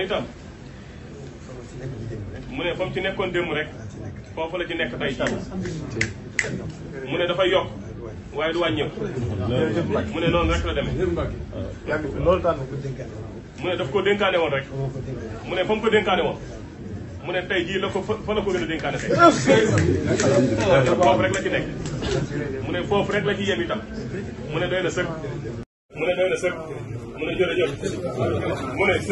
instant itam mu ne fa mu ci nekkoon démb rek foofu la ci nekk tey itam mu ne dafa yokk waaye du wàññeeku mu ne noonu rek la demee mu ne daf ko dénkaane woon rek mu ne fa mu ko dénkaane woon mu ne tey jii la ko fa la ko gën a dénkaane tey foofu rek la ci nekk mu ne foofu rek la ci yem itam mu ne doy na sëkk mu ne doy na sëkk mu jërëjëf mu ne mbooloo mi am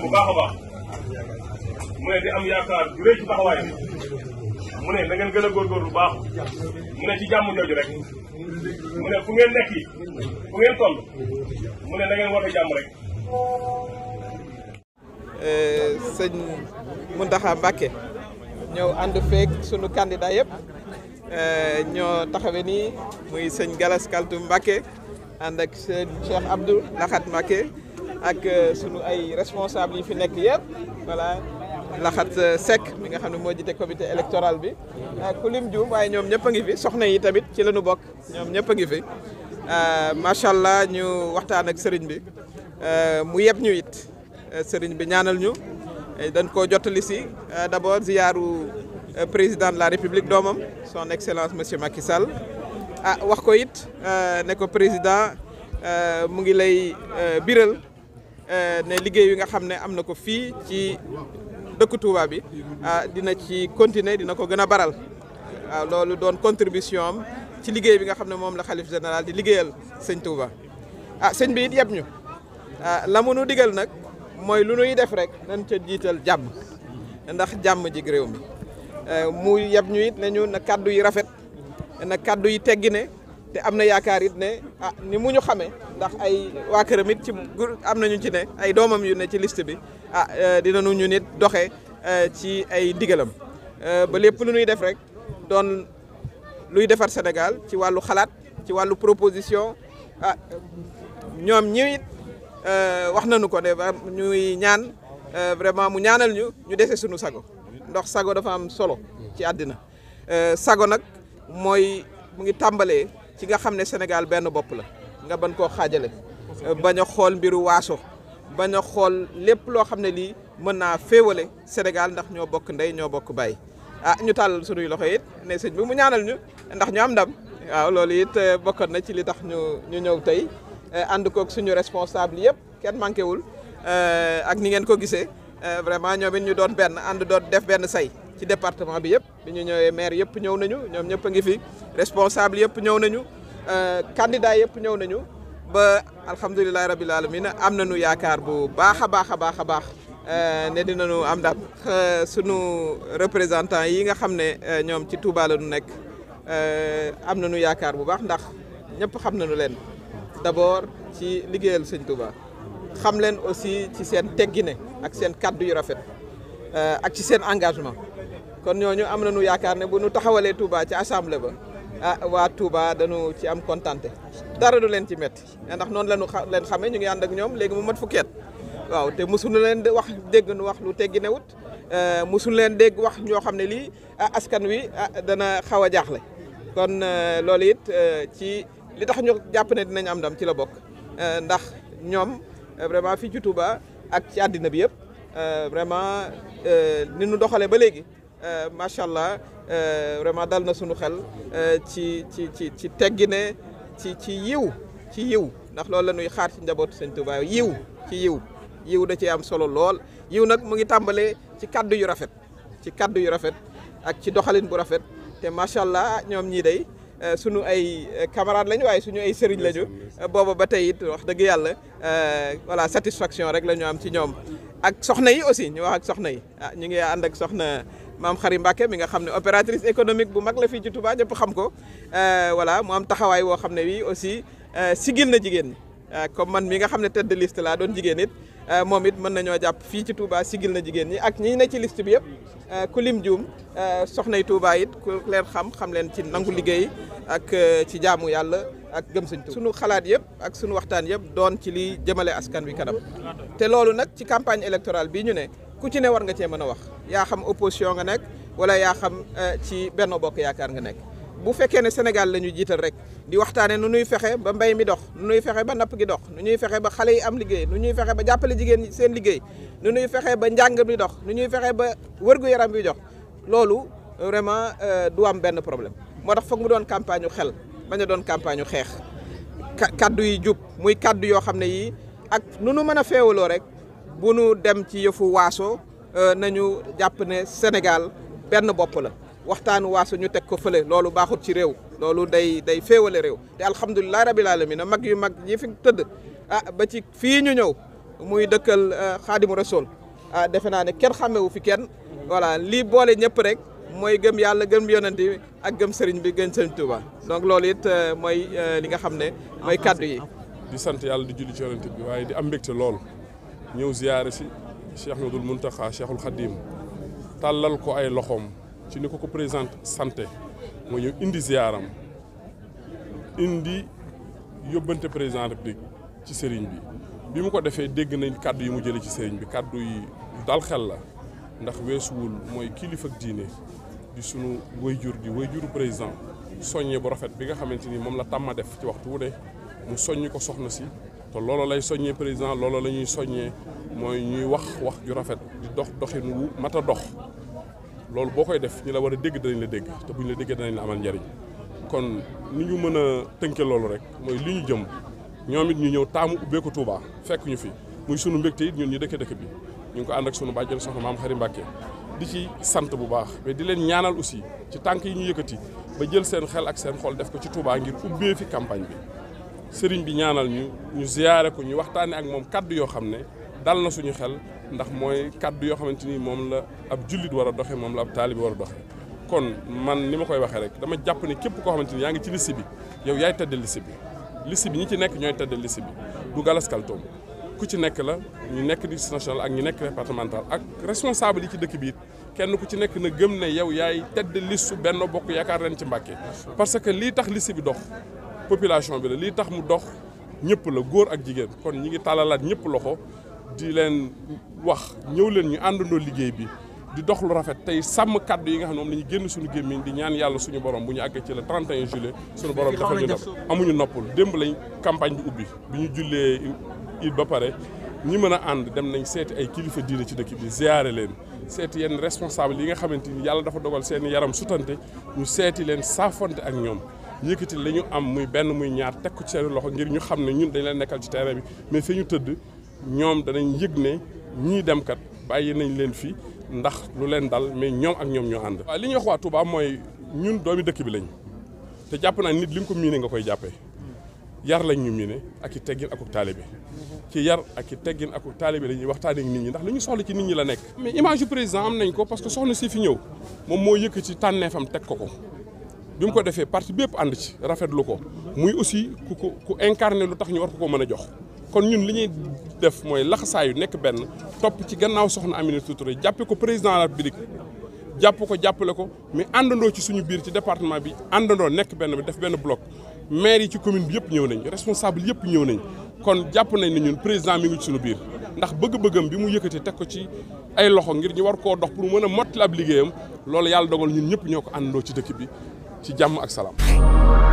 bu baax a baax mu ne am yaakaar ci mu ne na ngeen gën bu baax mu ci jàmm jooju rek mu ne fu ngeen nekk fu ngeen toll mu ne na ngeen woote jàmm rek eh, sëñ Mountakha Mbacké ñëw ànd feek sunu candidat yëpp Eh, ñoo taxawe nii muy sëñ Galas Kaltum Mbacké ànd ak sëñ Cheikh Abdou Laxat Mbacké ak eh, sunu ay responsable yi fi nekk yëpp voilà Laxat eh, Seck mi nga xam ne moo jiite comité électoral bi ku lim juum waaye ñoom ñëpp a ngi fi soxna yi tamit ci la ñu bokk ñoom ñëpp a ngi fi macha allah ñu waxtaan ak sëriñ bi mu yeb ñu it sëriñ bi ñaanal ñu dañ koo jottali si d'abord ziyaaru Euh, président de la république doomam son excellence monsieur Macky Sall ah wax ko it euh, ne ko président euh, mu ngi lay biral ne liggéey bi nga xam ne am na ko fii ci dëkku Touba bi ah dina ci continuer dina ko gën a baral waaw ah, loolu doon contribution am ci liggéey bi nga xam ne moom la xalif général di liggéeyal sëñ Touba ah sëñ bi it yeb ñu ah la mu digal nag mooy lu nuy def rek nañ ca jiital jàmm ndax jàmm ji réew mi. Euh, mu yeb ñu it ne na kàddu yi rafet na kàddu yi teggi ne te am na yaakaar it ne ah ni mu ñu xamee ndax ay waa këram it ci am nañu ci ne ay doomam yu ne ci liste bi a ah, euh, dina nu ñu nit doxee euh, ci ay ndigalam ba lépp lu ñuy def rek doon luy defar Sénégal ci wàllu xalaat ci wàllu proposition a ah, ñoom ñi it wax nañu ko ne ñuy ñaan vraiment mu ñaanal ñu ñu dese suñu sago. ndox sago dafa am solo ci àddina euh, sago nag mooy mu ngi tàmbalee ci nga xam ne Sénégal benn bopp la nga ban koo xaajale euh, bañ xool mbiru waaso bañ xool lépp loo xam ne lii mën naa féewale Sénégal ndax ñoo bokk ndey ñoo bokk baay ah ñu tàllal sunuy loxo it ne sëñ mu ñaanal ñu ndax ñu am ndam waaw loolu it euh, bokkoon na ci li tax ñu ñu ñëw tey ànd kook suñu responsable yëpp kenn manqué wul ak ni ngeen ko gisee Euh, vraiment ñoom it ñu doon benn ànd doon def benn say ci département bi yëpp bi ñu ñëwee maire yëpp ñëw nañu ñoom ñëpp a ngi fi responsable yëpp ñëw nañu euh, candidat yëpp ñëw nañu ba alhamdulilahi rabil alamin am nañu yaakaar bu baax a baax a baax a baax euh, ne dinañu am ndam sunu représentant yi nga xam ne ñoom ci Touba la ñu nekk am nañu yaakaar bu baax ndax ñëpp xam nañu leen d'abord ci liggéeyal sëñ Touba xam leen aussi ci seen teggine ak seen kàddu yu rafet euh, ak ci seen engagement kon ñooñu am na nañu yaakaar ne bu nu taxawalee Touba ci assemblée ba ah waa Touba dañu ci am kontante dara du leen ci métti ndax noonu la ñu leen xame ñu ngi ànd ak ñoom léegi mu mat fukki at waaw te mosuñu leen de wax dégg wax lu teggine wut euh, mosuñu leen dégg wax ñoo xam ne lii ah, askan wi ah, dana xaw a jaaxle kon euh, loolu it ci li tax ñu jàpp ne dinañ am ndam ci la bokk ndax ñoom. Euh, vraiment fii ci ak ci àddina bi yëpp euh, vraiment euh, ni nu doxalee ba léegi macha allah vraiment dal na sunu xel ci ci ci ci teggine ci ci yiw ci yiw ndax loolu la ñuy xaar ci njabootu sëñ Touba yiw ci yiw yiw da ci am solo lool yiw nag mu ngi tàmbalee ci kaddu yu rafet ci kaddu yu rafet ak ci doxalin bu rafet te macha allah ñoom ñii day Euh, sunu ay euh, camarades lañu waaye suñu ay sëriñ lañu euh, booba ba tey it wax dëgg yàlla voilà satisfaction rek la ñu am ci ñoom ak soxna yi aussi ñu wax ak soxna yi ah ñu ngi ànd ak soxna maam Xari Mbàkke mi nga xam ne opératrice économique bu mag la fi ci Touba ñëpp xam ko wala mu am taxawaay woo xam ne wii aussi sigil na jigéen ñi comme man mi nga xam ne tête de laa doon jigéen it Euh, moom it mën nañoo jàpp fii ci Touba sigil na jigéen ñi ak ñi ne ci list bi yëpp euh, ku lim juum euh, soxnay tuubaa yit ku leen xam xam leen ci nangu liggéey ak ci jaamu yàlla ak gëm sëñ Touba. sunu xalaat yëpp ak sunu waxtaan yëpp doon ci li jëmale askan wi kanam te loolu nag ci campagne électorale bii ñu ne ku ci ne war nga cee mën a wax yaa xam opposition nga nekk wala yaa xam ci benn bokk yaakaar nga nekk. bu fekkee ne Sénégal la ñu jiital rek di waxtaane nu ñuy fexe ba mbay mi dox nu fexe ba napp gi dox nu ñuy fexe ba xale yi am liggéey nu ñuy fexe ba jàppale jigéen ñi seen liggéey nu ñuy fexe ba njàng mi dox nu ñuy fexe ba wërgu-yaram bi jox loolu vraiment euh, du am benn problème moo tax foog mu doon campagne yu xel bañ a doon campagne yu xeex kaddu yi jub muy kaddu yoo xam ne yii ak nu nu mën a feewaloo rek bu nu dem ci yëfu waaso euh, nañu jàpp ne Sénégal benn bopp la waxtaanu waaso ñu teg ko fële loolu baaxut ci réew loolu day day féewale réew te alhamdulilah rabil alamin mag yu mag yi fi tëdd ah ba ci fii ñu ñëw muy dëkkal ah, xaadimu rasul ah defe naa ne kenn xàmmewu fi kenn voilà lii boole ñëpp rek mooy gëm yàlla gëm yonent ak gëm sëriñ bi gën sëriñ Tuuba donc loolu it ah, mooy ah, li nga xam ne mooy kàddu yi di sant yàlla di julli ci yonent bi waaye di am mbégte lool ñëw ziyaare si Cheikh Ahmadoul Mountakha Cheikhul Khadim tàllal ko ay loxoom ci ni ko ko président sante moo ñëw indi ziaram indi yóbbante président république ci sëriñ bi bi mu ko defee dégg nañ kàddu yi mu jëlee ci sëriñ bi kàddu yi dal xel la ndax weesuwul mooy kilifa ak diine di sunu wayjur di wayjuru président soññe bu rafet bi nga xamante ni moom la tàmma def ci waxtu wu ne mu soññ ko soxna si te loolo lay soññee président loolo la ñuy soññee mooy ñuy wax wax ju rafet di dox doxin wu mat a dox loolu boo koy def ñu la war a dégg danañ la dégg te bu ñu la déggee danañ la amal njariñ kon ni ñu mën a tënke loolu rek mooy li ñu jëm ñoom it ñu ñëw taamu ubbeeku Touba fekk ñu fi muy sunu mbégte it ñun ñu dëkk dëkk bi ñu ngi ko ànd ak sunu bàjjen soxna maam Xari Mbàkke di ci sant bu baax mais di leen ñaanal aussi ci tànk yi ñu yëkkati ba jël seen xel ak seen xool def ko ci Touba ngir ubbee fi campagne bi sëriñ bi ñaanal ñu ñu ziyaare ko ñu waxtaane ak moom kaddu yoo xam ne dal na suñu xel ndax mooy kàddu yoo xamante ni moom la ab jullit war a doxe moom la ab taalibi war a doxe kon man ni ma koy waxe rek dama jàpp ni képp koo xamante ni yaa ngi ci liste bi yow yaay tëdde liste bi bi ñi ci nekk ñooy tëdde liste bi du galaskaltoom ku ci nekk la ñu nekk liste nationale ak ñu nekk départemental ak responsable yi ci dëkk bi kenn ku ci nekk na gëm ne yow yaay tëdd liste benn Bokk Yaakaar ren ci Mbàkke parce que lii tax liste bi dox population bi la lii tax mu dox ñëpp la góor ak jigéen kon ñi ngi tàllalaat ñëpp loxo di leen wax ñëw leen ñu àndandoo liggéey bi di dox lu rafet tey sàmm kaddu yi nga xam ne la ñu génn suñu gémmiñ di ñaan yàlla suñu borom bu ñu àggee ci le 31 juillet suñu borom defal ñu nopp amuñu noppul démb lañ campagne bi ubbi bi ñu jullee it ba pare ñi mën a ànd dem nañ seeti ay kilifa diine ci dëkk bi ziare leen seeti yenn responsable yi nga xamante ni yàlla dafa dogal seen yaram sutante ñu seeti leen saafonte ak ñoom yëkkati la ñu am muy benn muy ñaar teg ko ci seen loxo ngir ñu xam ne ñun dañ leen nekkal ci terrain bi mais fi ñu tëdd ñoom danañ yëg ne ñii dem kat bàyyi nañ leen fi ndax lu leen dal mais ñoom ak ñoom ñoo ànd. waaw li ñuy wax waa Touba mooy ñun doomi dëkk bi lañ te jàpp naa nit li nga ko miine nga koy jàppee yar lañ ñu miine ak i teggin akuk taalibe ci yar ak i teggin akuk taalibe la ñuy waxtaanee ak nit ñi ndax li ñu soxla ci nit ñi la nekk. mais image yu président am nañ ko parce que soxna si fi ñëw moom moo yëkk ci tànneefam teg ko ko. bi mu ko defee parti bépp ànd ci rafetlu ko muy aussi ku ko ku incarné lu tax ñu war ko ko mën a jox. kon ñun li ñuy def mooy laxasaayu nekk benn topp ci gannaaw soxna Aminata Touré jàppe ko président de jàpp ko jàppale ko mais àndandoo ci suñu biir ci département bi àndandoo nekk benn bi def benn bloc maire yi ci commune bi yëpp ñëw nañ responsable yëpp ñëw nañ kon jàpp nañ ne ñun président mi ngi ci suñu biir ndax bëgg-bëggam bi mu yëkkati teg ko ci ay loxo ngir ñu war koo dox pour mën a mottali ab liggéeyam loolu yàlla dogal ñun ñëpp ñoo ko àndandoo ci dëkk bi ci jàmm ak salaam